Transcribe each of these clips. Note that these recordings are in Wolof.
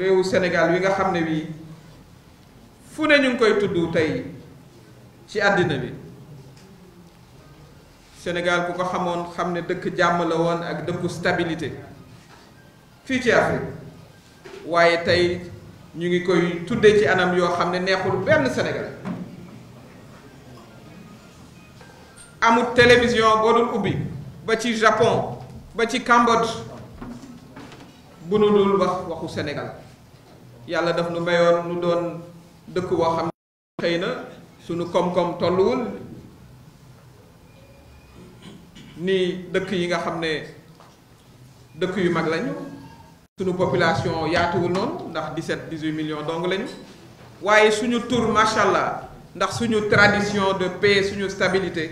réewu Sénégal wi nga xam ne wii fu ne ñu ngi koy tudd tey ci àddina bi Sénégal ku ko xamoon xam ne dëkk jàmm la woon ak dëkku stabilité fii ci Afrique waaye tey ñu ngi koy tuddee ci anam yoo xam ne neexul benn Sénégal amut télévision boo dul ubbi ba ci Japon ba ci Cambodge bu nu dul wax waxu Sénégal yàlla daf nu mayoon nu doon dëkk boo xam ne xëy na suñu koom-koom tolluwul ni dëkk yi nga xam ne dëkk yu mag lañu sunu population yaatuwul noonu ndax 17 18 million dong lañu waaye suñu tur macha allah ndax suñu tradition de paix suñu stabilité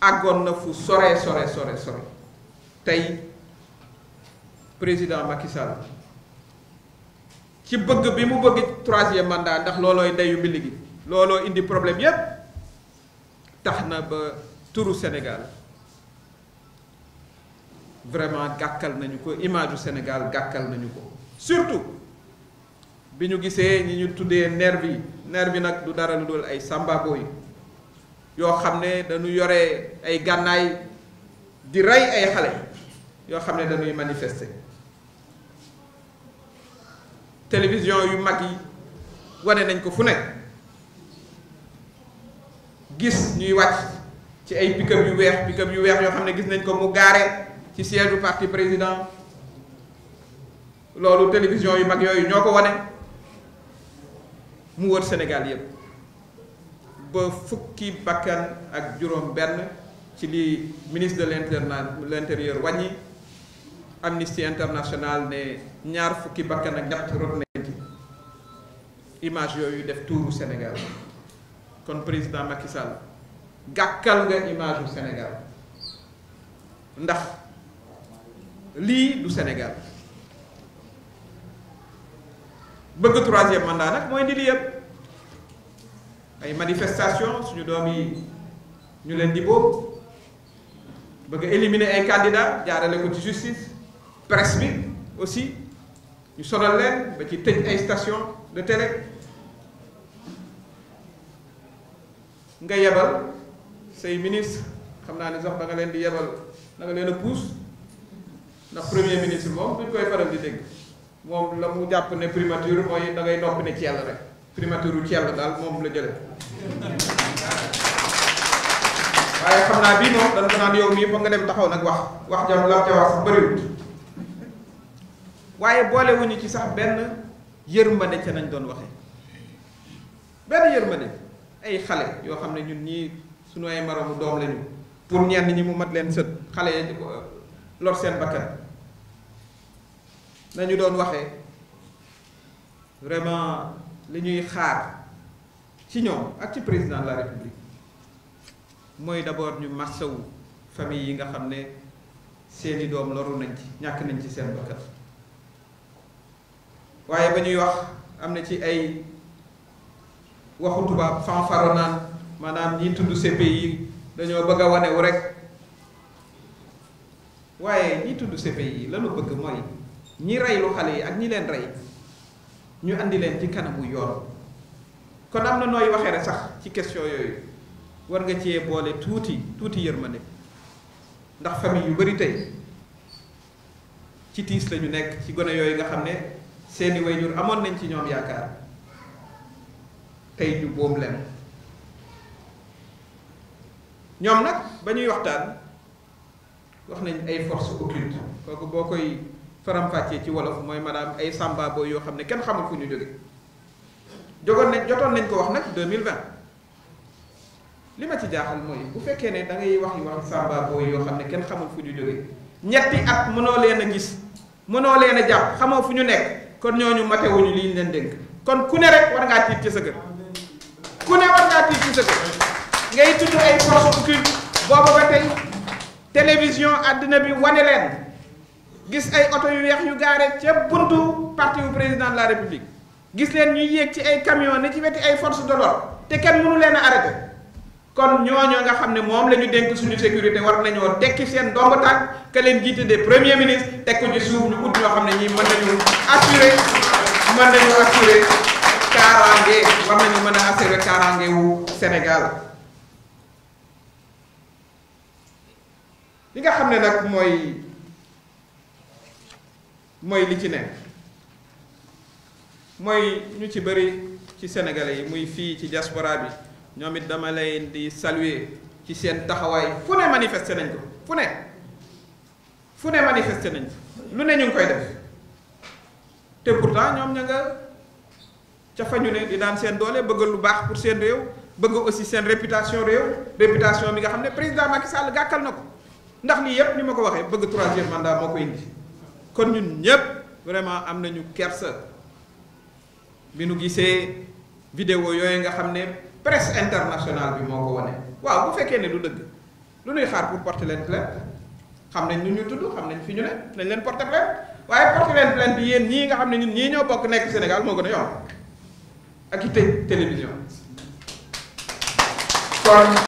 àggoon na fu sore sore sore sore tey président Macky ci bëgg bi mu bëgg troisième mandat ndax loolooy ndeyu mbill gi looloo indi problème yépp tax na ba turu Sénégal vraiment gàkkal nañu ko image u Sénégal gàkkal nañu ko surtout bi ñu gisee ñi ñu tuddee nervi yi nervi nag du dara lu dul ay sambabo yi yoo xam ne dañu yore ay gànnaay di rey ay xale yoo xam ne dañuy manifester télévision yu mag yi wane nañ ko fu nekk gis ñuy wàcc ci ay pick yu weex pick-up yu weex yoo xam ne gis nañ ko mu gaare ci siège du parti président loolu télévision yu mag yooyu ñoo ko wane mu wër Sénégal yëpp ba fukki bakkan ak juróom benn ci li ministre de l'intérieur wàññi Amnesty International ne ñaar fukki bakkan ak ñett rot nañ image yooyu def tuuru Sénégal kon président makisal Sall gàkkal nga image yu Sénégal ndax lii du Sénégal bëgg troisième mandat nag mooy ndi li ay manifestation suñu doom yi ñu leen di boobu bëgg éliminer ay candidats jaarale ko ci justice presse bi aussi ñu sonal leen ba ci tëj ay station de télé nga yebal say ministre xam naa ni sax da leen di yebal da nga leen a puus ndax premier ministre moom duñ koy faral di dégg moom la mu jàpp ne primature mooy da ngay noppi ne Thiel rek primature yu Thiel daal moom la jëlee waaye xam naa bii moom dañ ko naan yow nga dem taxaw nag wax wax jam la ca wax bëriwut waaye boolewuñu ci sax benn yërmande ca nañ doon waxe benn yërmande ay xale yoo xam ne ñun ñii suñu ay maramu doom lañu pour ñenn ñi mu mat leen sët xale ya di ko euh, lor seen bakkan nañu doon waxee vraiment li ñuy xaar ci ñoom ak ci président de la république mooy d'abord ñu massawu famille yi nga xam ne seeni doom loru nañ ci ñàkk nañ ci seen bakkan waaye ba ñuy wax am na ci ay waxu tubaab fanfaro naan maanaam ñi tudd yi dañoo bëgg a wanewu rek waaye ñi tudd sepe yi lanu bëgg mooy ñi reylu xale yi ak ñi leen rey ñu indi leen ci kanamu yoon kon am na nooy waxee rek sax ci question yooyu war nga cee boole tuuti tuuti yërmande ndax famille yu bari tey ci tiis la nekk ci gone yooyu nga xam ne seeni wayjur amoon nañ ci ñoom yaakaar tey ñu boom leen ñoom nag ba ñuy waxtaan wax nañ ay force occulte kooku boo koy faram-fàccee ci wolof mooy maanaam ay sàmbaaboo yoo xam ne kenn xamul fu ñu jóge jogoon nañ jotoon nañ ko wax nag 2020 li ma ci jaaxal mooy bu fekkee ne da ngay wax yu wax yoo xam ne kenn xamul fu ñu jóge ñetti at mënoo leen a gis mënoo leen a jàpp xamoo fu ñu nekk kon ñooñu matewuñu li ñu leen dénk kon ku ne rek war ngaa tiit ci sa kër ku ne war ngaa tiit ci sa kër ngay tudd ay force occulte boobu ba tey télévision àddina bi wane leen gis ay oto yu weex yu gaare ca buntu parti bu président la république gis leen ñuy yéeg ci ay camion ne ci weti ay force de l'ordre te kenn mënu leen a arrêté kon ñooñoo nga xam ne moom la ñu dénk suñu sécurité war nañoo tekki seen ndomb tànk ka leen jiite des premiers ministres teg ko ci suuf ñu ut yoo xam ne ñii mën nañu assurer mën nañu assurer kaaraange war nañu mën a assurer kaaraange wu Sénégal li nga xam ne nag mooy mooy li ci ne mooy ñu ci bëri ci sénégalais yi muy fii ci diaspora bi. ñoom it dama lay di saluer ci seen taxawaay fu ne manifester nañ ko fu ne fu ne manifester nañ ko lu ne ñu ngi koy def te pourtant ñoom ña nga ñu ne di daan seen doole bëgg lu baax pour seen réew bëgg aussi seen réputation réew réputation bi nga xam ne président Macky Sall gàkkal na ko ndax lii yépp ni ma ko waxee bëgg troisième mandat moo ko indi kon ñun ñépp vraiment am nañu kersa bi nu gisee. vidéo yooyu nga xam ne presse internationale bi moo ko wane waaw bu fekkee ne du dëgg lu nuy xaar pour porter leen plainte xam nañ nu ñu tudd xam nañ fi ñu ne nañ leen porter plainte waaye porter leen plainte bi yéen ñii nga xam ne ñun ñii ñoo bokk nekk Sénégal moo gën a yomb ak i tëj télévision